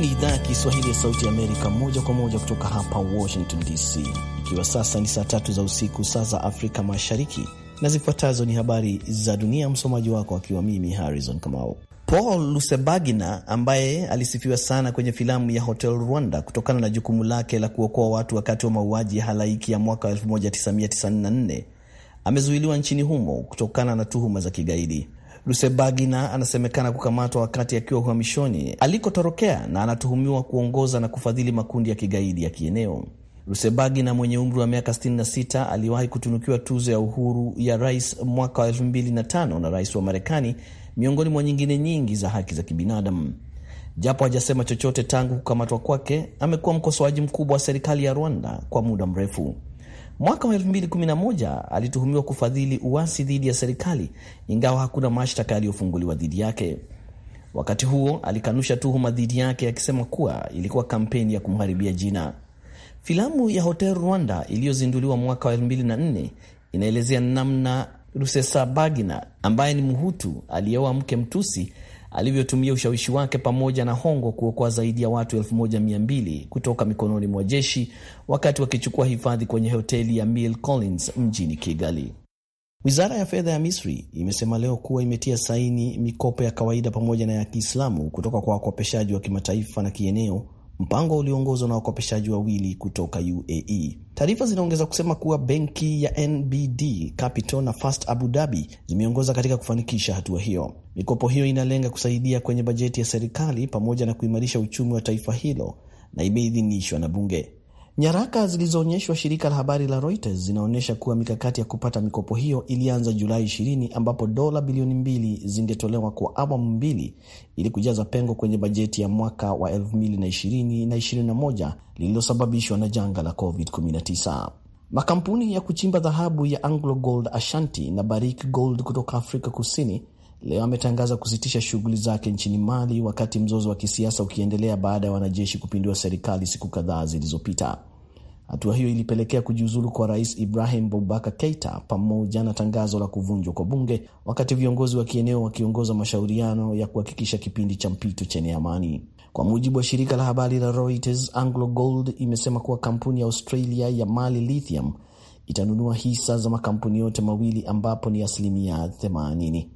Hii ni idhaa ya Kiswahili ya Sauti ya Amerika, moja kwa moja kutoka hapa Washington DC, ikiwa sasa ni saa tatu za usiku, saa za Afrika Mashariki, na zifuatazo ni habari za dunia. Msomaji wako akiwa mimi Harrison Kamau. Paul Lusebagina ambaye alisifiwa sana kwenye filamu ya Hotel Rwanda kutokana na jukumu lake la kuokoa watu wakati wa mauaji ya halaiki ya mwaka 1994 amezuiliwa nchini humo kutokana na tuhuma za kigaidi. Lusebagina anasemekana kukamatwa wakati akiwa uhamishoni alikotorokea na anatuhumiwa kuongoza na kufadhili makundi ya kigaidi ya kieneo. Lusebagina mwenye umri wa miaka 66 aliwahi kutunukiwa tuzo ya uhuru ya rais mwaka wa 2005 na rais wa Marekani, miongoni mwa nyingine nyingi za haki za kibinadamu. Japo hajasema chochote tangu kukamatwa kwake, amekuwa mkosoaji mkubwa wa serikali ya Rwanda kwa muda mrefu. Mwaka wa 2011 alituhumiwa kufadhili uasi dhidi ya serikali, ingawa hakuna mashtaka yaliyofunguliwa dhidi yake. Wakati huo alikanusha tuhuma dhidi yake akisema kuwa ilikuwa kampeni ya kumharibia jina. Filamu ya Hotel Rwanda iliyozinduliwa mwaka wa 2004 inaelezea namna Rusesabagina ambaye ni Mhutu aliyeoa mke Mtusi alivyotumia ushawishi wake pamoja na hongo kuokoa zaidi ya watu 1200 kutoka mikononi mwa jeshi wakati wakichukua hifadhi kwenye hoteli ya Mil Collins mjini Kigali. Wizara ya fedha ya Misri imesema leo kuwa imetia saini mikopo ya kawaida pamoja na ya Kiislamu kutoka kwa wakopeshaji wa kimataifa na kieneo mpango ulioongozwa na wakopeshaji wawili kutoka UAE. Taarifa zinaongeza kusema kuwa benki ya NBD Capital na First Abu Dhabi zimeongoza katika kufanikisha hatua hiyo. Mikopo hiyo inalenga kusaidia kwenye bajeti ya serikali pamoja na kuimarisha uchumi wa taifa hilo na imeidhinishwa na bunge. Nyaraka zilizoonyeshwa shirika la habari la Reuters zinaonyesha kuwa mikakati ya kupata mikopo hiyo ilianza Julai 20 ambapo dola bilioni mbili zingetolewa kwa awamu mbili ili kujaza pengo kwenye bajeti ya mwaka wa 2020 na 2021 lililosababishwa na janga la COVID-19. Makampuni ya kuchimba dhahabu ya AngloGold Ashanti na Barrick Gold kutoka Afrika Kusini leo ametangaza kusitisha shughuli zake nchini Mali, wakati mzozo wa kisiasa ukiendelea baada ya wanajeshi kupindua serikali siku kadhaa zilizopita. Hatua hiyo ilipelekea kujiuzulu kwa rais Ibrahim Boubacar Keita pamoja na tangazo la kuvunjwa kwa bunge, wakati viongozi wa kieneo wakiongoza mashauriano ya kuhakikisha kipindi cha mpito chenye amani. Kwa mujibu wa shirika la habari la Reuters, Anglo Gold imesema kuwa kampuni ya Australia ya Mali Lithium itanunua hisa za makampuni yote mawili ambapo ni asilimia 80.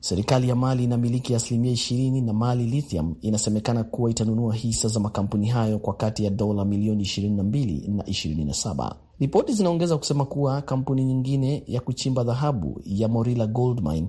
Serikali ya Mali inamiliki asilimia ishirini na Mali Lithium inasemekana kuwa itanunua hisa za makampuni hayo kwa kati ya dola milioni 22 na 27. Ripoti zinaongeza kusema kuwa kampuni nyingine ya kuchimba dhahabu ya Morila Gold Mine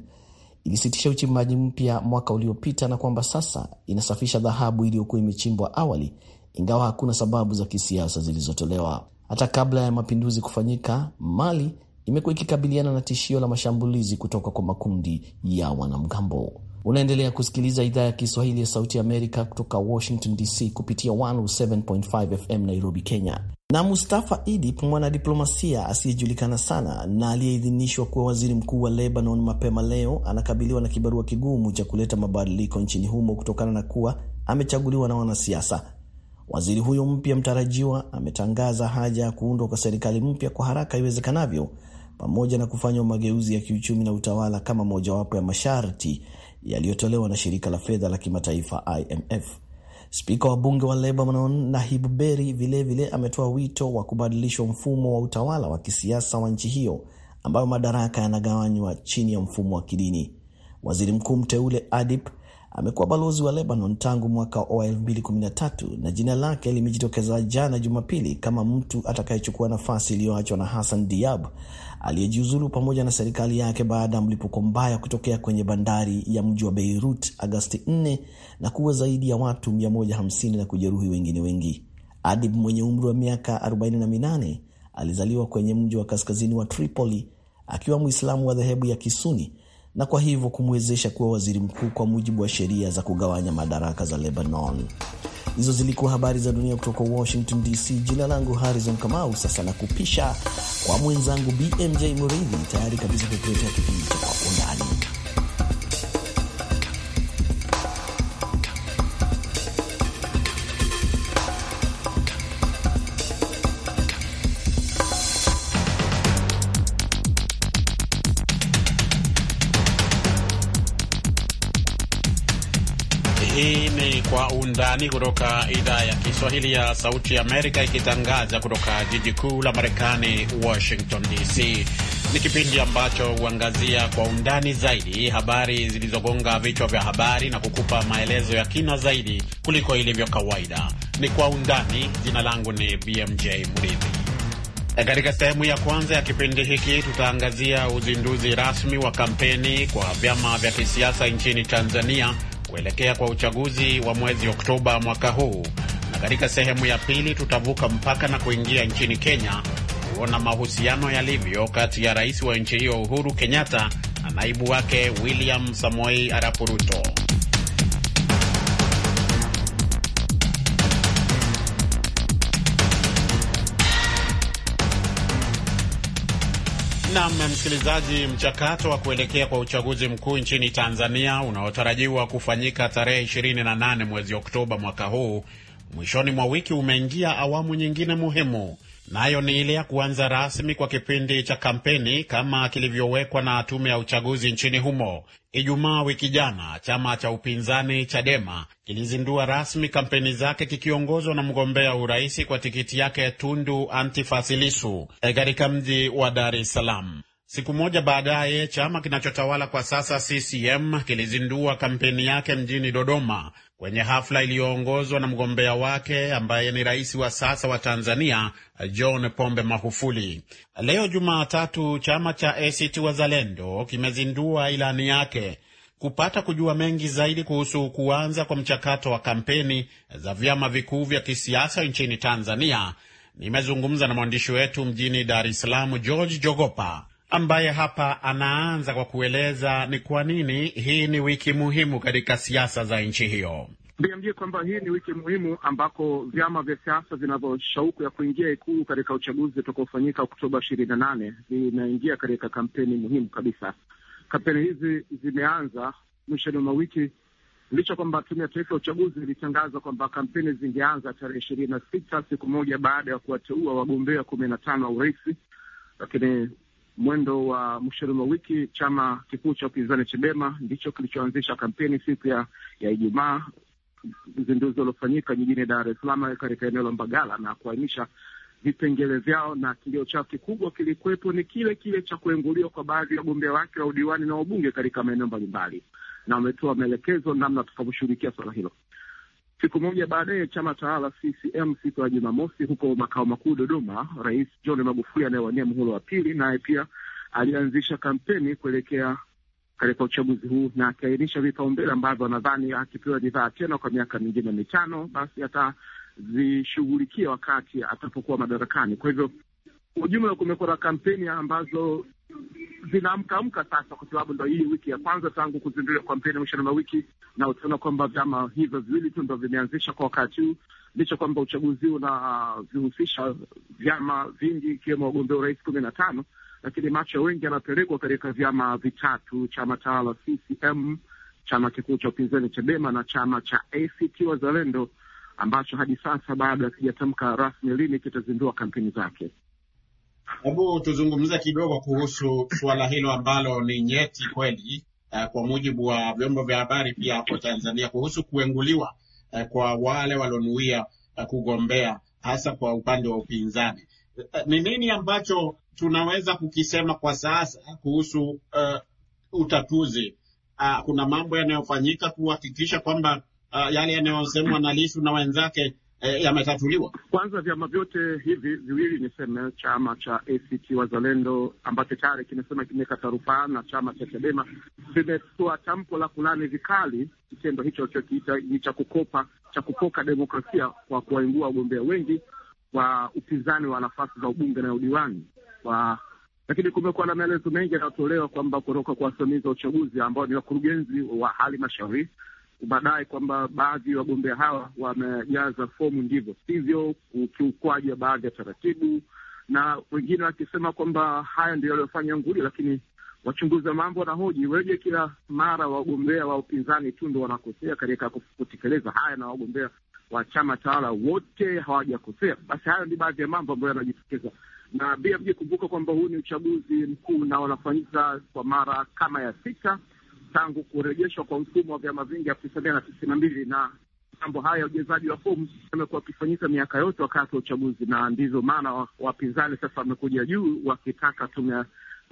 ilisitisha uchimbaji mpya mwaka uliopita na kwamba sasa inasafisha dhahabu iliyokuwa imechimbwa awali, ingawa hakuna sababu za kisiasa zilizotolewa. Hata kabla ya mapinduzi kufanyika, Mali imekuwa ikikabiliana na tishio la mashambulizi kutoka kwa makundi ya wanamgambo. Unaendelea kusikiliza idhaa ya Kiswahili ya Sauti Amerika kutoka Washington DC kupitia 107.5 FM Nairobi, Kenya. Na Mustafa Idip, mwanadiplomasia asiyejulikana sana na aliyeidhinishwa kuwa waziri mkuu wa Lebanon mapema leo, anakabiliwa na kibarua kigumu cha kuleta mabadiliko nchini humo kutokana na kuwa amechaguliwa na wanasiasa. Waziri huyo mpya mtarajiwa ametangaza haja ya kuundwa kwa serikali mpya kwa haraka iwezekanavyo, pamoja na kufanya mageuzi ya kiuchumi na utawala kama mojawapo ya masharti yaliyotolewa na shirika la fedha la kimataifa IMF. Spika wa bunge wa Lebanon Nahib Berri vilevile ametoa wito wa kubadilishwa mfumo wa utawala wa kisiasa wa nchi hiyo ambayo madaraka yanagawanywa chini ya mfumo wa kidini. Waziri mkuu mteule Adip amekuwa balozi wa Lebanon tangu mwaka wa 2013 na jina lake limejitokeza jana Jumapili kama mtu atakayechukua nafasi iliyoachwa na Hassan Diab aliyejiuzulu pamoja na serikali yake baada ya mlipuko mbaya kutokea kwenye bandari ya mji wa Beirut Agasti 4 na kuwa zaidi ya watu 150 na kujeruhi wengine wengi. Adib mwenye umri wa miaka 48 alizaliwa kwenye mji wa kaskazini wa Tripoli akiwa Mwislamu wa dhehebu ya Kisuni na kwa hivyo kumwezesha kuwa waziri mkuu kwa mujibu wa sheria za kugawanya madaraka za Lebanon. Hizo zilikuwa habari za dunia kutoka Washington DC. Jina langu Harrison Kamau. Sasa nakupisha kwa mwenzangu BMJ Muridhi, tayari kabisa kukuletea kipindi chako. Undani kutoka idhaa ya Kiswahili ya Sauti Amerika, ikitangaza kutoka jiji kuu la Marekani, Washington DC. Ni kipindi ambacho huangazia kwa undani zaidi habari zilizogonga vichwa vya habari na kukupa maelezo ya kina zaidi kuliko ilivyo kawaida. Ni Kwa Undani. Jina langu ni BMJ Mridhi. Katika sehemu ya kwanza ya kipindi hiki tutaangazia uzinduzi rasmi wa kampeni kwa vyama vya kisiasa nchini Tanzania kuelekea kwa uchaguzi wa mwezi Oktoba mwaka huu. Na katika sehemu ya pili tutavuka mpaka na kuingia nchini Kenya kuona mahusiano yalivyo kati ya rais wa nchi hiyo Uhuru Kenyatta na naibu wake William Samoei Arap Ruto. Nam msikilizaji, mchakato wa kuelekea kwa uchaguzi mkuu nchini Tanzania unaotarajiwa kufanyika tarehe 28 mwezi Oktoba mwaka huu mwishoni mwa wiki umeingia awamu nyingine muhimu nayo ni ile ya kuanza rasmi kwa kipindi cha kampeni kama kilivyowekwa na tume ya uchaguzi nchini humo. Ijumaa wiki jana, chama cha upinzani Chadema kilizindua rasmi kampeni zake kikiongozwa na mgombea uraisi kwa tikiti yake Tundu antifasilisu Lissu eh, katika mji wa Dar es Salaam. Siku moja baadaye, chama kinachotawala kwa sasa CCM kilizindua kampeni yake mjini Dodoma kwenye hafla iliyoongozwa na mgombea wake ambaye ni rais wa sasa wa Tanzania John Pombe Magufuli. Leo Jumatatu, chama cha ACT Wazalendo kimezindua ilani yake. Kupata kujua mengi zaidi kuhusu kuanza kwa mchakato wa kampeni za vyama vikuu vya kisiasa nchini Tanzania, nimezungumza na mwandishi wetu mjini Dar es Salaam, George Jogopa ambaye hapa anaanza kwa kueleza ni kwa nini hii ni wiki muhimu katika siasa za nchi hiyo. Niambie kwamba hii ni wiki muhimu ambako vyama vya siasa vinavyoshauku ya kuingia Ikulu katika uchaguzi utakaofanyika Oktoba ishirini na nane vinaingia katika kampeni muhimu kabisa. Kampeni hizi zimeanza mwishoni mwa wiki licha kwamba Tume ya Taifa ya Uchaguzi ilitangaza kwamba kampeni zingeanza tarehe ishirini na sita siku moja baada ya kuwateua wagombea kumi na tano wa urais, lakini mwendo wa mwishoni mwa wiki, chama kikuu cha upinzani Chadema ndicho kilichoanzisha kampeni siku ya ya Ijumaa, uzinduzi uliofanyika jijini Dar es Salaam katika eneo la Mbagala na kuainisha vipengele vyao, na kilio chao kikubwa kilikuwepo ni kile kile cha kuenguliwa kwa baadhi ya wagombea wake wa udiwani na wabunge katika maeneo mbalimbali, na wametoa maelekezo namna tutavyoshughulikia swala hilo. Siku moja baadaye, chama tawala CCM siku ya Jumamosi huko makao makuu Dodoma, Rais John Magufuli anayewania muhula wa pili, naye pia alianzisha kampeni kuelekea katika uchaguzi huu na akiainisha vipaumbele ambavyo anadhani akipewa ridhaa tena kwa miaka mingine mitano basi atazishughulikia wakati atapokuwa madarakani. Kwa hivyo ujumla kumekuwa na kampeni ambazo zinaamkaamka sasa, kwa sababu ndo hii wiki ya kwanza tangu kuzinduliwa kampeni mwishoni mwa wiki, na utaona kwamba vyama hivyo viwili tu ndo vimeanzisha kwa wakati huu, licha kwamba uchaguzi unavihusisha vyama vingi, ikiwemo wagombea urais kumi na tano, lakini macho wengi yanapelekwa katika vyama vitatu: chama tawala CCM, chama kikuu cha upinzani Chadema na chama cha ACT Wazalendo ambacho hadi sasa bado hakijatamka rasmi lini kitazindua kampeni zake. Hebu tuzungumze kidogo kuhusu suala hilo ambalo ni nyeti kweli, uh, kwa mujibu wa vyombo vya habari pia hapo Tanzania, kuhusu kuenguliwa uh, kwa wale walionuia uh, kugombea hasa kwa upande wa upinzani. Ni nini ambacho tunaweza kukisema kwa sasa kuhusu uh, utatuzi? Uh, kuna mambo yanayofanyika kuhakikisha kwamba uh, yale yanayosemwa na lisu na wenzake eh, yametatuliwa. Kwanza vyama vyote hivi viwili niseme, chama cha ACT Wazalendo ambacho tayari kimesema kimekata rufaa na chama cha Chadema vimetoa tamko la kulani vikali kitendo hicho ni cha kukopa cha kupoka demokrasia kwa kuwaingua wagombea wengi wa upinzani wa nafasi za ubunge na udiwani wa lakini kumekuwa na maelezo mengi yanayotolewa kwamba kutoka kwa wasimamizi wa uchaguzi ambao ni wakurugenzi wa halmashauri baadaye kwamba baadhi ya wagombea hawa wamejaza fomu ndivyo sivyo, ukiukwaji wa baadhi ya taratibu, na wengine wakisema kwamba haya ndio yaliyofanya nguli, lakini wachunguzi wa mambo wanahoji weje, kila mara wagombea wa upinzani tu ndo wanakosea katika kutekeleza haya na wagombea wa chama tawala wote hawajakosea? Basi hayo ni baadhi ya mambo ambayo yanajitokeza, na bmj. kumbuka kwamba huu ni uchaguzi mkuu na wanafanyika kwa mara kama ya sita tangu kurejeshwa kwa mfumo wa vyama vingi elfu tisa mia na tisini na mbili na mambo haya ya ujezaji wa fomu amekuwa wakifanyika miaka yote wakati wa uchaguzi, na ndivyo maana wapinzani sasa wamekuja juu wakitaka tume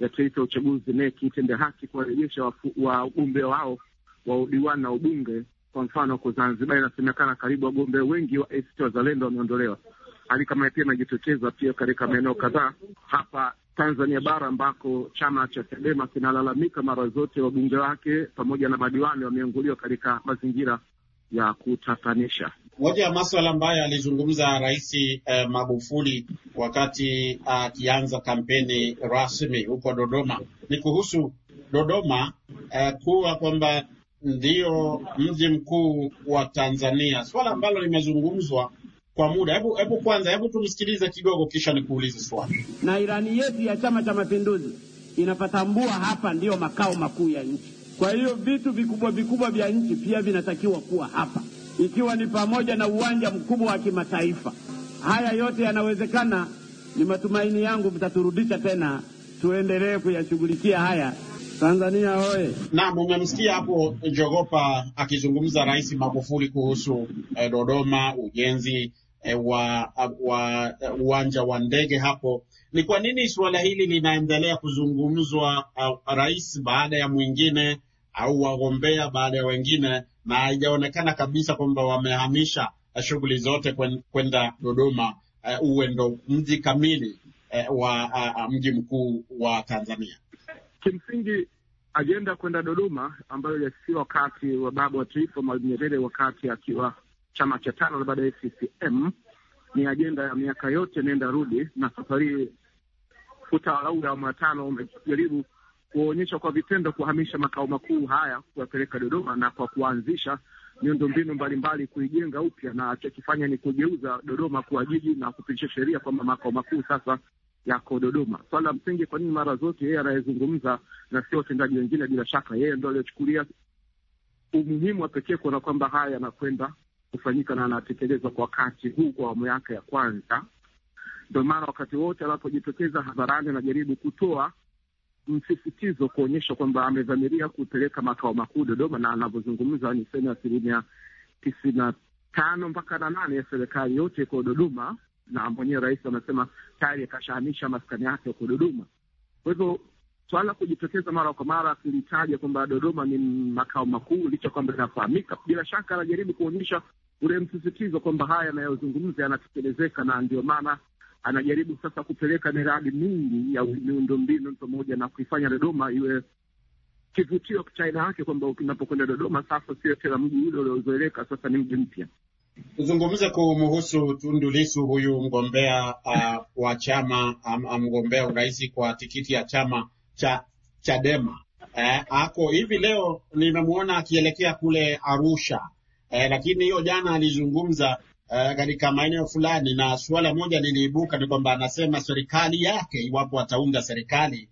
ya taifa ya uchaguzi neki itende haki kuwarejesha wagombea wa wao wa udiwani na ubunge. Kwa mfano, huko Zanzibar inasemekana karibu wagombea wengi wa ACT Wazalendo wameondolewa. Hali kama pia inajitokeza pia katika maeneo kadhaa hapa Tanzania bara ambako chama cha Chadema kinalalamika mara zote, wabunge wake pamoja na madiwani wameanguliwa katika mazingira ya kutatanisha. Moja ya maswala ambayo alizungumza Rais eh, Magufuli wakati akianza ah, kampeni rasmi huko Dodoma ni kuhusu Dodoma eh, kuwa kwamba ndio mji mkuu wa Tanzania, swala ambalo limezungumzwa kwa muda. Hebu hebu kwanza, hebu tumsikilize kidogo, kisha nikuulize swali. Na ilani yetu ya Chama cha Mapinduzi inapatambua hapa ndiyo makao makuu ya nchi. Kwa hiyo vitu vikubwa vikubwa vya nchi pia vinatakiwa kuwa hapa, ikiwa ni pamoja na uwanja mkubwa wa kimataifa. Haya yote yanawezekana. Ni matumaini yangu mtaturudisha tena, tuendelee kuyashughulikia haya. Tanzania oye! Naam, umemsikia hapo Jogopa akizungumza Rais Magufuli kuhusu eh, Dodoma, ujenzi Eh, wa, wa uwanja wa ndege hapo. Ni kwa nini suala hili linaendelea kuzungumzwa, uh, rais baada ya mwingine au wagombea baada ya wengine, na haijaonekana kabisa kwamba wamehamisha eh, shughuli zote kwenda Dodoma, uh, uwe ndo mji kamili uh, wa uh, mji mkuu wa Tanzania. Kimsingi ajenda kwenda Dodoma ambayo iliasisiwa wakati wa baba wa taifa Mwalimu Nyerere wakati akiwa chama cha tano na baadaye CCM. Ni ajenda ya miaka yote nenda rudi, na safari hii utawala huu awamu ya tano umejaribu kuonyesha kwa vitendo kuhamisha makao makuu haya kuyapeleka Dodoma na kwa kuanzisha miundo mbinu mbalimbali kuijenga upya, na chokifanya ni kugeuza Dodoma kuwa jiji na kupitisha sheria kwamba makao makuu sasa yako Dodoma. Swala la msingi, kwa nini mara zote yeye anayezungumza na sio watendaji wengine? Bila shaka yeye ndo aliochukulia umuhimu wa pekee kuona kwamba haya yanakwenda kufanyika na anatekelezwa kwa wakati huu kwa awamu yake ya kwanza. Ndio maana wakati wote anapojitokeza hadharani anajaribu kutoa msisitizo kuonyesha kwamba amedhamiria kupeleka makao makuu Dodoma, na anavyozungumza ni sehemu ya asilimia tisini na tano mpaka na nane ya serikali yote iko Dodoma, na mwenyewe rais anasema tayari akashahamisha maskani yake huko Dodoma. Kwa hivyo swala kujitokeza mara kwa mara akilitaja kwamba Dodoma ni makao makuu, licha kwamba inafahamika, bila shaka anajaribu kuonyesha ule msisitizo kwamba haya yanayozungumza yanatekelezeka, na ndio maana anajaribu sasa kupeleka miradi mingi ya miundombinu pamoja na kuifanya Dodoma iwe kivutio cha aina yake, kwamba unapokwenda Dodoma sasa sio tena mji ule uliozoeleka, sasa ni mji mpya. Tuzungumze kumhusu Tundu Lissu, huyu mgombea uh, wa chama um, um, mgombea urais kwa tikiti ya chama cha Chadema. Eh, ako hivi leo nimemwona akielekea kule Arusha eh, lakini hiyo jana alizungumza eh, katika maeneo fulani, na suala moja liliibuka ni kwamba anasema serikali yake, iwapo ataunda serikali,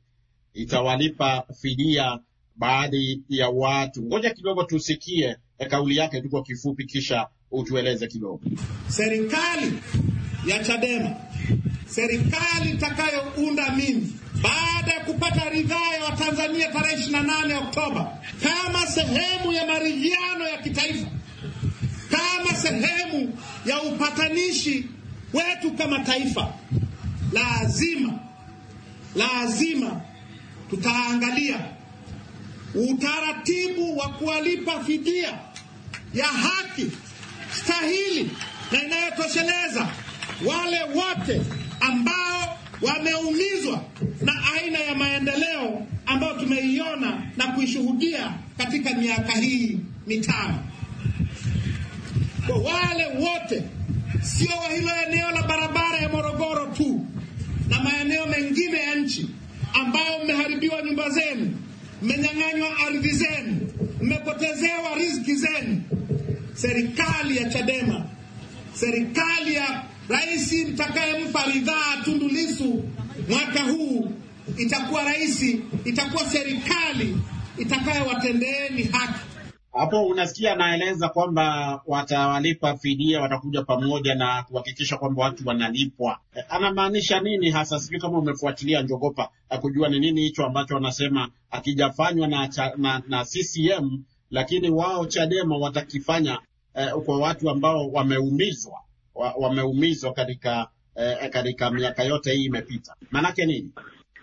itawalipa fidia baadhi ya watu. Ngoja kidogo tusikie eh, kauli yake tu kwa kifupi, kisha utueleze kidogo. Serikali ya Chadema, serikali itakayounda mimi baada ya kupata ridhaa ya Watanzania tarehe 28 Oktoba kama sehemu ya maridhiano ya kitaifa kama sehemu ya upatanishi wetu kama taifa, lazima lazima tutaangalia utaratibu wa kuwalipa fidia ya haki stahili na inayotosheleza wale wote ambao wameumizwa na aina ya maendeleo ambayo tumeiona na kuishuhudia katika miaka hii mitano kwa wale wote, sio wa hilo eneo la barabara ya Morogoro tu na maeneo mengine ya nchi, ambao mmeharibiwa nyumba zenu, mmenyang'anywa ardhi zenu, mmepotezewa riziki zenu. Serikali ya Chadema, serikali ya rais mtakayempa ridhaa Tundu Lissu mwaka huu itakuwa rais, itakuwa serikali itakayowatendeeni haki hapo unasikia anaeleza kwamba watawalipa fidia, watakuja pamoja na kuhakikisha kwamba watu wanalipwa. E, anamaanisha nini hasa? Sijui kama umefuatilia njogopa e, kujua ni nini hicho ambacho anasema akijafanywa na, na, na CCM lakini wao Chadema watakifanya eh, kwa watu ambao wameumizwa wa, wameumizwa katika eh, katika miaka yote hii imepita, maanake nini?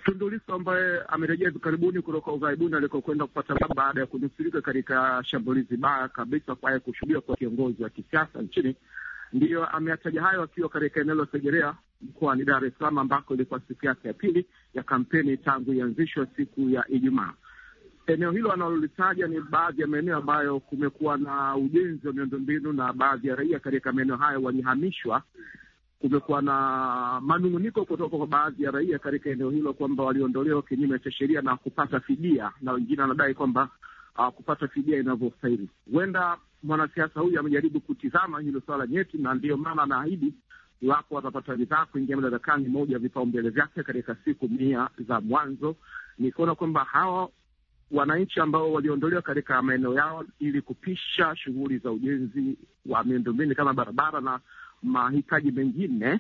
Tundu Lissu ambaye amerejea hivi karibuni kutoka ughaibuni alikokwenda kupata baada ya kunusurika katika shambulizi baya kabisa kwaye kushuhudia kwa kiongozi wa kisiasa nchini, ndiyo ameyataja hayo akiwa katika eneo la Segerea mkoani Dar es Salaam, ambako ilikuwa siku yake ya pili ya kampeni tangu ianzishwa siku ya Ijumaa. Eneo hilo analolitaja ni baadhi ya maeneo ambayo kumekuwa na ujenzi wa miundombinu na baadhi ya raia katika maeneo hayo walihamishwa kumekuwa na manung'uniko kutoka kwa baadhi ya raia katika eneo hilo kwamba waliondolewa kinyume cha sheria na kupata fidia, na wengine wanadai kwamba uh, kupata fidia inavyostahili. Huenda mwanasiasa huyu amejaribu kutizama hilo swala nyeti, na ndiyo maana anaahidi iwapo watapata ridhaa kuingia madarakani, moja vipaumbele vyake katika siku mia za mwanzo ni kuona kwamba hawa wananchi ambao waliondolewa katika maeneo yao ili kupisha shughuli za ujenzi wa miundombinu kama barabara na mahitaji mengine,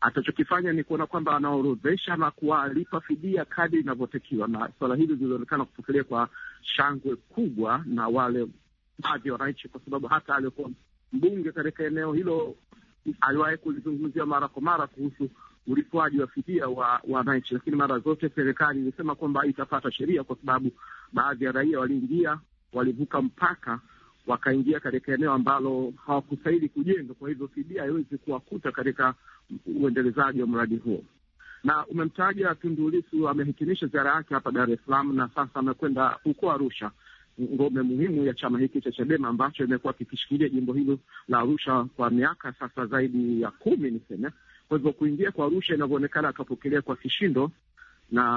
atachokifanya ni kuona kwamba anaorodhesha na kuwalipa fidia kadi inavyotakiwa, na suala hili lilionekana kupokelea kwa shangwe kubwa na wale baadhi ya wananchi, kwa sababu hata aliyokuwa mbunge katika eneo hilo aliwahi kulizungumzia mara kwa mara kuhusu ulipwaji wa fidia wa wananchi, lakini mara zote serikali ilisema kwamba itapata sheria, kwa sababu baadhi ya raia waliingia, walivuka mpaka wakaingia katika eneo ambalo hawakustahili kujenga. Kwa hivyo fidia haiwezi kuwakuta katika uendelezaji wa mradi huo. Na umemtaja Tundu Lissu, amehitimisha ziara yake hapa Dar es Salaam na sasa amekwenda huko Arusha, ngome muhimu ya chama hiki cha Chadema ambacho imekuwa kikishikilia jimbo hilo la Arusha kwa miaka sasa zaidi ya kumi niseme. Kwa hivyo kuingia kwa Arusha inavyoonekana akapokelea kwa kishindo na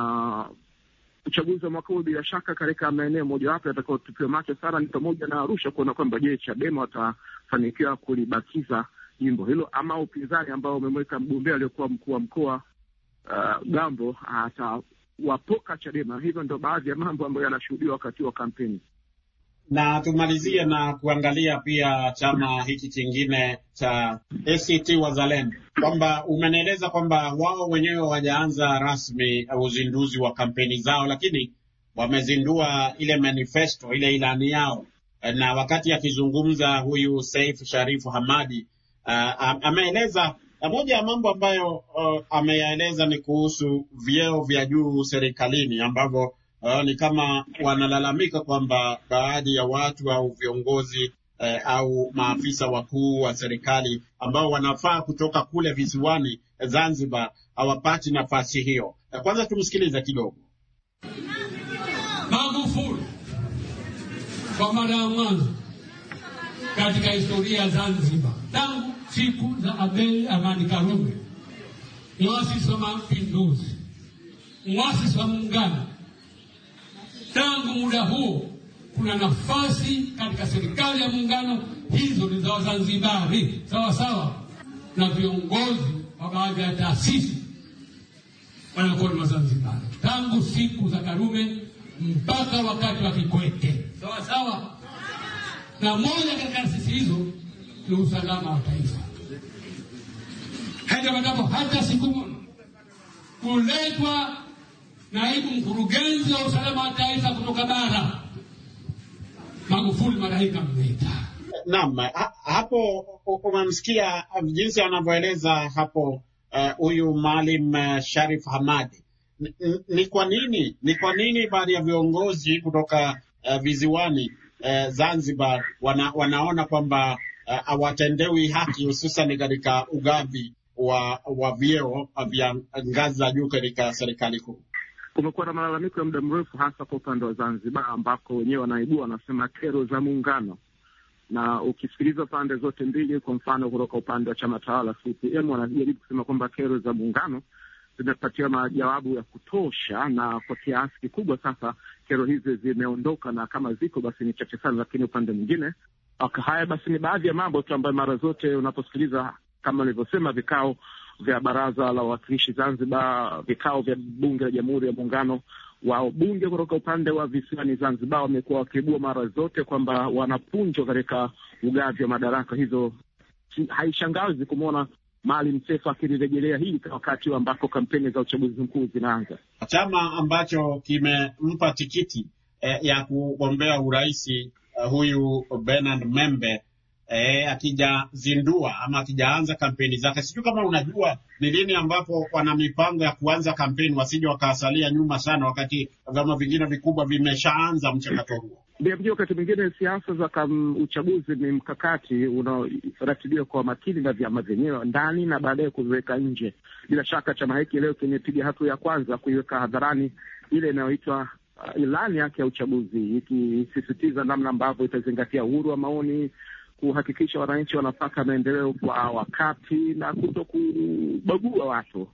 uchaguzi wa mwaka huu bila shaka, katika maeneo mojawapo yatakayotupiwa macho sana ni pamoja na Arusha, kuona kwamba je, Chadema watafanikiwa kulibakiza jimbo hilo ama upinzani ambao umemweka mgombea aliyokuwa mkuu wa mkoa uh, Gambo atawapoka Chadema. Hivyo ndo baadhi ya mambo ambayo yanashuhudiwa wakati wa kampeni. Na tumalizie na kuangalia pia chama hiki kingine cha ACT Wazalendo, kwamba umenieleza kwamba wao wenyewe wajaanza rasmi uzinduzi wa kampeni zao, lakini wamezindua ile manifesto, ile ilani yao. Na wakati akizungumza huyu Saif Sharifu Hamadi uh, ameeleza moja ya mambo ambayo uh, ameyaeleza ni kuhusu vyeo vya juu serikalini ambavyo uh, ni kama wanalalamika kwamba baadhi ya watu au viongozi eh, au maafisa wakuu wa serikali ambao wanafaa kutoka kule visiwani eh, Zanzibar hawapati nafasi hiyo. Eh, kwanza tumsikilize kidogo. Magufuli kwa mara ya mwanzo katika historia ya Zanzibar tangu siku za Abel Amani Karume, mwasisi wa mapinduzi, mwasisi wa muungano tangu muda huo kuna nafasi katika serikali ya muungano, hizo ni za Wazanzibari sawa sawa, na viongozi wa baadhi ya taasisi wanakuwa ni Wazanzibari tangu siku za Karume mpaka wakati wa Kikwete sawa sawa, na moja katika taasisi hizo ni usalama wa taifa. Hata hata siku moja kuletwa naibu mkurugenzi wa usalama wa taifa kutoka bara, Magufuli malaika mmeta. Naam, hapo umemsikia jinsi anavyoeleza hapo eh, huyu uh, Maalim uh, Sharif Hamadi. Ni kwa nini ni kwa nini baadhi ya viongozi kutoka uh, viziwani uh, Zanzibar wana, wanaona kwamba hawatendewi uh, haki hususan katika ugavi wa, wa vyeo vya ngazi za juu katika serikali kuu kumekuwa na malalamiko ya muda mrefu, hasa kwa upande wa Zanzibar ambako wenyewe wanaibua wanasema kero za muungano, na ukisikiliza pande zote mbili, kwa mfano kutoka upande wa chama tawala CCM wanajaribu kusema kwamba kero za muungano zimepatia majawabu ya kutosha, na kwa kiasi kikubwa sasa kero hizi zimeondoka, na kama ziko basi ni chache sana. Lakini upande mwingine haya, basi ni baadhi ya mambo tu ambayo mara zote unaposikiliza kama nilivyosema vikao vya baraza la wawakilishi Zanzibar, vikao vya bunge la Jamhuri ya Muungano wabunge kutoka upande wa visiwani Zanzibar wamekuwa wakiibua mara zote kwamba wanapunjwa katika ugavi wa madaraka. Hizo haishangazi kumwona Maalim Seif akilirejelea hii wakati ambako kampeni za uchaguzi mkuu zinaanza. Chama ambacho kimempa tikiti eh, ya kugombea urais eh, huyu Bernard Membe eh, akijazindua ama akijaanza kampeni zake. Sijui kama unajua ni lini ambapo wana mipango ya kuanza kampeni, wasije wakasalia nyuma sana, wakati vyama vingine vikubwa vimeshaanza mchakato huo. Ndio, wakati mwingine siasa za uchaguzi ni mkakati unaoratibiwa kwa makini na vyama vyenyewe ndani na baadaye kuviweka nje. Bila shaka chama hiki leo kimepiga hatua ya kwanza kuiweka hadharani ile inayoitwa uh, ilani yake ya uchaguzi ikisisitiza namna ambavyo itazingatia uhuru wa maoni, kuhakikisha wananchi wanapata maendeleo kwa wakati na kuto kubagua watu,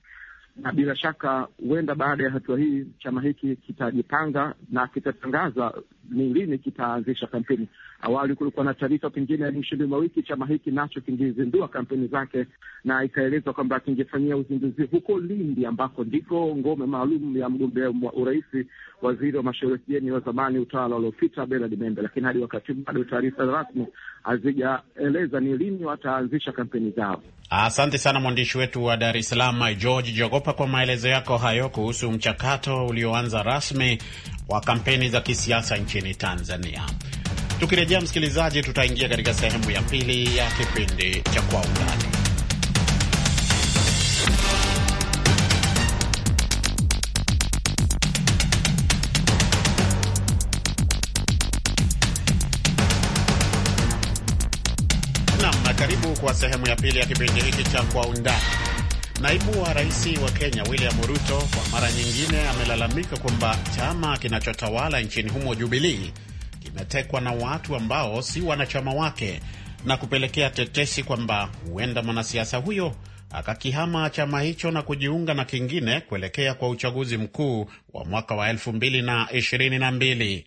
na bila shaka huenda baada ya hatua hii chama hiki kitajipanga na kitatangaza ni lini kitaanzisha kampeni. Awali kulikuwa na taarifa pengine mwishoni mwa wiki chama hiki nacho kingezindua kampeni zake, na ikaelezwa kwamba kingefanyia uzinduzi huko Lindi, ambako ndiko ngome maalum ya mgombea urais waziri wa mashauri ya kigeni wa zamani utawala uliopita Bernard Membe, lakini hadi wakati bado taarifa rasmi hazijaeleza ni lini wataanzisha kampeni zao. Asante sana mwandishi wetu wa Dar es Salaam George Jogopa kwa maelezo yako hayo kuhusu mchakato ulioanza rasmi wa kampeni za kisiasa nchini Tanzania. Tukirejea msikilizaji, tutaingia katika sehemu ya pili ya kipindi cha Kwa Undani. Nam, karibu kwa sehemu ya pili ya kipindi hiki cha Kwa Undani. Naibu wa rais wa Kenya William Ruto kwa mara nyingine amelalamika kwamba chama kinachotawala nchini humo Jubilii kimetekwa na watu ambao si wanachama wake na kupelekea tetesi kwamba huenda mwanasiasa huyo akakihama chama hicho na kujiunga na kingine kuelekea kwa uchaguzi mkuu wa mwaka wa 2022.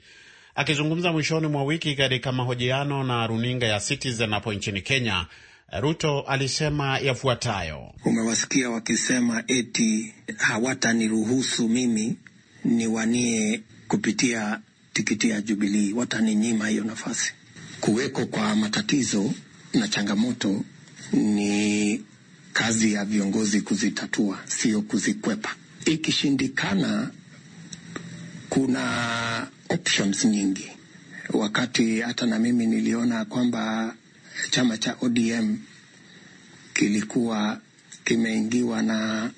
Akizungumza mwishoni mwa wiki katika mahojiano na runinga ya Citizen hapo nchini Kenya, Ruto alisema yafuatayo: umewasikia wakisema eti hawataniruhusu mimi niwanie kupitia tikiti ya Jubilii, wataninyima hiyo nafasi. Kuweko kwa matatizo na changamoto ni kazi ya viongozi kuzitatua, sio kuzikwepa. Ikishindikana, kuna options nyingi. Wakati hata na mimi niliona kwamba chama cha ODM kilikuwa kimeingiwa na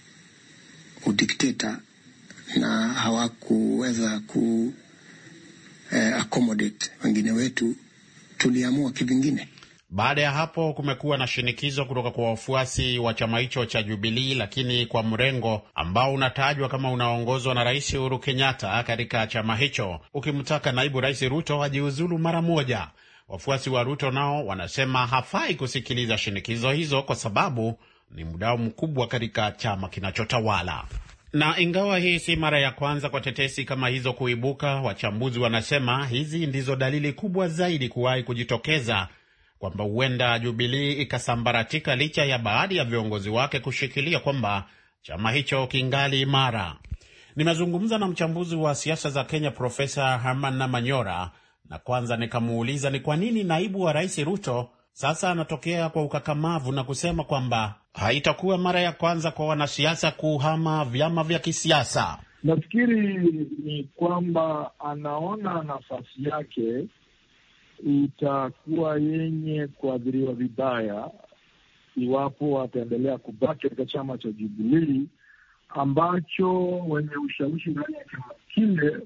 udikteta na hawakuweza ku eh, accommodate wengine wetu, tuliamua kivingine. Baada ya hapo kumekuwa na shinikizo kutoka kwa wafuasi wa chama hicho cha Jubilii, lakini kwa mrengo ambao unatajwa kama unaongozwa na Rais Uhuru Kenyatta katika chama hicho ukimtaka naibu Rais Ruto ajiuzulu mara moja. Wafuasi wa Ruto nao wanasema hafai kusikiliza shinikizo hizo kwa sababu ni mudao mkubwa katika chama kinachotawala. Na ingawa hii si mara ya kwanza kwa tetesi kama hizo kuibuka, wachambuzi wanasema hizi ndizo dalili kubwa zaidi kuwahi kujitokeza kwamba huenda Jubilii ikasambaratika licha ya baadhi ya viongozi wake kushikilia kwamba chama hicho kingali imara. Nimezungumza na mchambuzi wa siasa za Kenya Profesa Herman Manyora na kwanza nikamuuliza ni kwa nini naibu wa rais Ruto sasa anatokea kwa ukakamavu na kusema kwamba haitakuwa mara ya kwanza kwa wanasiasa kuhama vyama vya kisiasa. Nafikiri ni kwamba anaona nafasi yake itakuwa yenye kuathiriwa vibaya iwapo ataendelea kubaki katika chama cha Jubilii ambacho wenye ushawishi ndani ya chama kile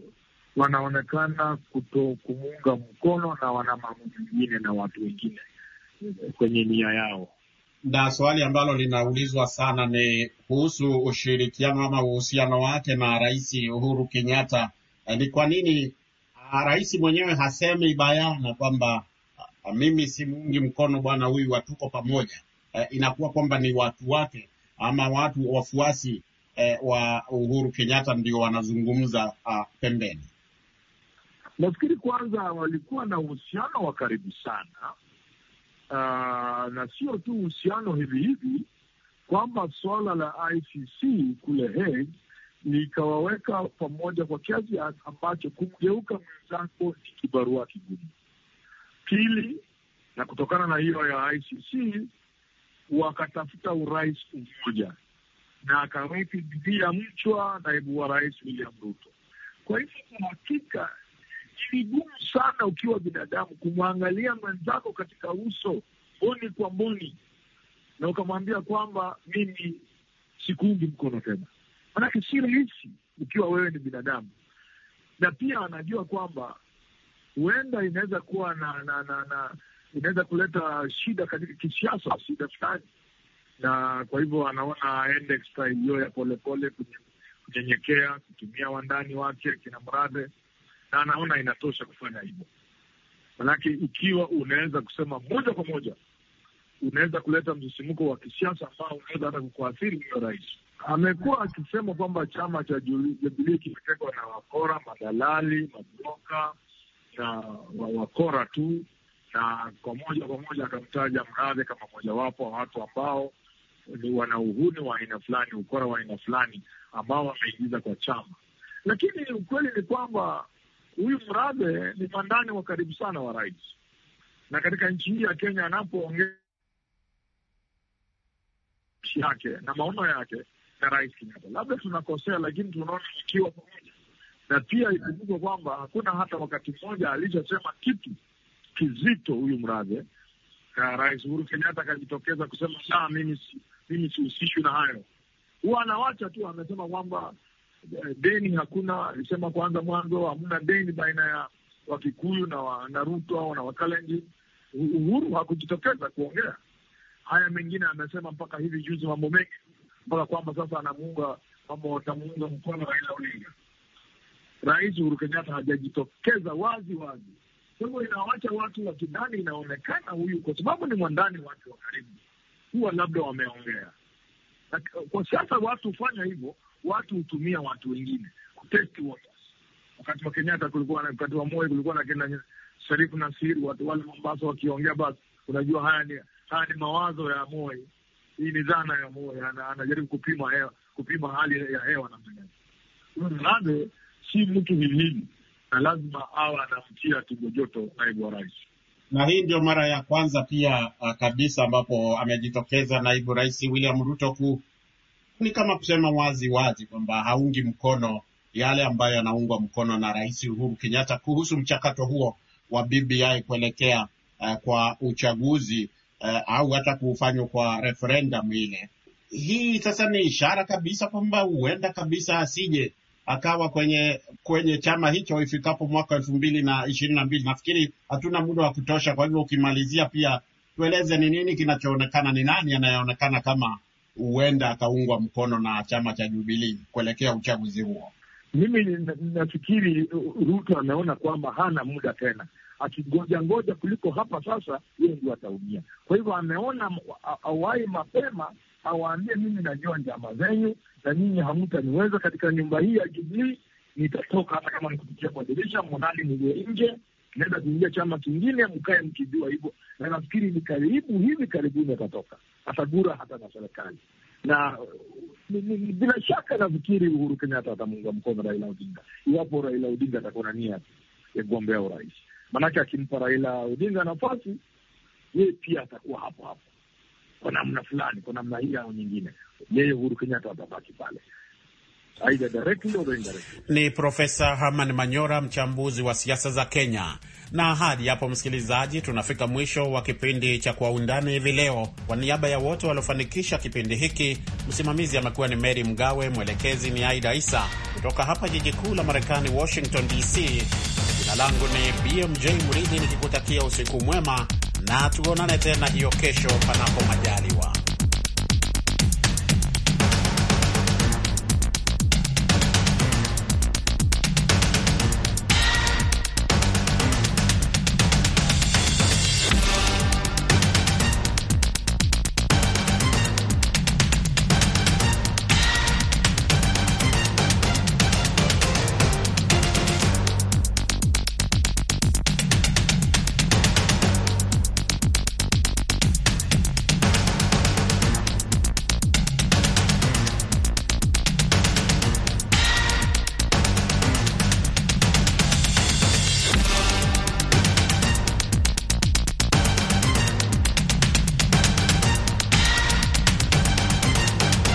wanaonekana kuto kumuunga mkono na wana mambo mengine na watu wengine kwenye nia yao. Na swali ambalo linaulizwa sana ni kuhusu ushirikiano ama uhusiano wake na Rais Uhuru Kenyatta. Eh, ni kwa nini ah, rais mwenyewe hasemi bayana kwamba ah, mimi simuungi mkono bwana huyu, watuko pamoja? Eh, inakuwa kwamba ni watu wake ama watu wafuasi eh, wa Uhuru Kenyatta ndio wanazungumza ah, pembeni. Nafikiri kwanza walikuwa na uhusiano wa karibu sana uh, na sio tu uhusiano hivi hivi kwamba suala la ICC kule Hague likawaweka pamoja kwa kiasi ambacho kumgeuka mwenzako ni kibarua kigumu. Pili, na kutokana na hiyo ya ICC wakatafuta urais mmoja na akaweka bidii ya mchwa naibu wa rais William Ruto. Kwa hivyo kwa hakika ni vigumu sana ukiwa binadamu kumwangalia mwenzako katika uso boni kwa boni na ukamwambia kwamba mimi sikuungi mkono tena, manake si rahisi ukiwa wewe ni binadamu, na pia anajua kwamba huenda inaweza kuwa na, na, na, na inaweza kuleta shida katika kisiasa, shida fulani, na kwa hivyo anaona aende extra hiyo ya polepole, kunyenyekea, kutumia wandani wake kina mradhe na anaona inatosha kufanya hivyo. Manake ikiwa unaweza kusema moja kwa moja, unaweza kuleta msisimko wa kisiasa ambao unaweza hata kukuathiri huyo rais. Amekuwa akisema kwamba chama cha Jubilii kimetekwa na wakora, madalali, mabroka na wakora tu, na kwa moja kwa moja akamtaja Mradhe kama mojawapo wa watu ambao ni wana uhuni wa aina fulani, ukora wa aina fulani ambao wameingiza kwa chama. Lakini ukweli ni kwamba Huyu mradhe ni mwandani wa karibu sana wa rais, na katika nchi hii ya Kenya anapoongea yake na maono yake na rais Kenyatta, labda tunakosea, lakini tunaona ikiwa pamoja. Na pia ikumbukwe kwamba hakuna hata wakati mmoja alichosema kitu kizito huyu Murathe. Rais Uhuru Kenyatta akajitokeza kusema mimi sihusishwi na hayo, huwa anawacha tu, amesema kwamba deni hakuna. Alisema kwanza mwanzo hamna deni baina ya Wakikuyu na wa, na Ruto au na Wakalenji. Uhuru hakujitokeza kuongea haya mengine. Amesema mpaka hivi juzi mambo mengi, mpaka kwamba sasa anamuunga kwamba watamuunga mkono Raila Odinga. Rais Uhuru Kenyatta hajajitokeza wazi wazi, kwa hivyo inawacha watu wakidani inaonekana huyu, kwa sababu ni mwandani wake wa karibu, huwa labda wameongea. Kwa sasa watu hufanya hivyo watu hutumia watu wengine kutest waters. Wakati wa Kenyatta kulikuwa na wakati wa Moi kulikuwa na kina Sharifu Nasiri, watu wale Mombasa wakiongea, basi unajua haya ni haya ni mawazo ya Moi, hii ni dhana ya Moi, anajaribu kupima hewa, kupima hali ya hewa namna gani. si mtu vilini, na lazima awe anafutia tugo joto naibu wa rais na hii ndio mara ya kwanza pia ah, kabisa ambapo amejitokeza naibu rais William Ruto ku ni kama kusema wazi wazi kwamba haungi mkono yale ambayo yanaungwa mkono na Rais Uhuru Kenyatta kuhusu mchakato huo wa BBI kuelekea uh, kwa uchaguzi uh, au hata kufanywa kwa referendum ile. Hii sasa ni ishara kabisa kwamba huenda kabisa asije akawa kwenye kwenye chama hicho ifikapo mwaka elfu mbili na ishirini na mbili. Nafikiri hatuna muda wa kutosha, kwa hivyo ukimalizia pia tueleze ni nini kinachoonekana, ni nani anayeonekana kama huenda akaungwa mkono na chama cha Jubilii kuelekea uchaguzi huo? Mimi nafikiri Ruto ameona kwamba hana muda tena, akingoja ngoja kuliko hapa sasa, yeye ndio ataumia. Kwa hivyo ameona awai mapema, awaambie mimi najua njama zenyu na nyinyi hamtaniweza katika nyumba hii ya Jubilii, nitatoka hata kama nikupitia kwa dirisha, mwanali mlie nje, naweza kuingia chama kingine, mkae mkijua hivyo, na nafikiri ni karibu hivi karibuni atatoka. Atagura hata na serikali na bila shaka nafikiri Uhuru Kenyatta atamuunga mkono Raila Odinga iwapo Raila Odinga atakuwa na nia ya kugombea urais. Maanake akimpa Raila Odinga nafasi, yeye pia atakuwa hapo hapo kwa namna fulani, kwa namna hii au nyingine, yeye Uhuru Kenyatta atabaki pale aidha directly au indirectly. Ni Profesa Herman Manyora, mchambuzi wa siasa za Kenya. Na hadi hapo, msikilizaji, tunafika mwisho wa kipindi cha Kwa Undani hivi leo. Kwa niaba ya wote waliofanikisha kipindi hiki, msimamizi amekuwa ni Mary Mgawe, mwelekezi ni Aida Isa. Kutoka hapa jiji kuu la Marekani, Washington DC, jina langu ni BMJ Mridhi, nikikutakia usiku mwema na tuonane tena hiyo kesho, panapo majaliwa.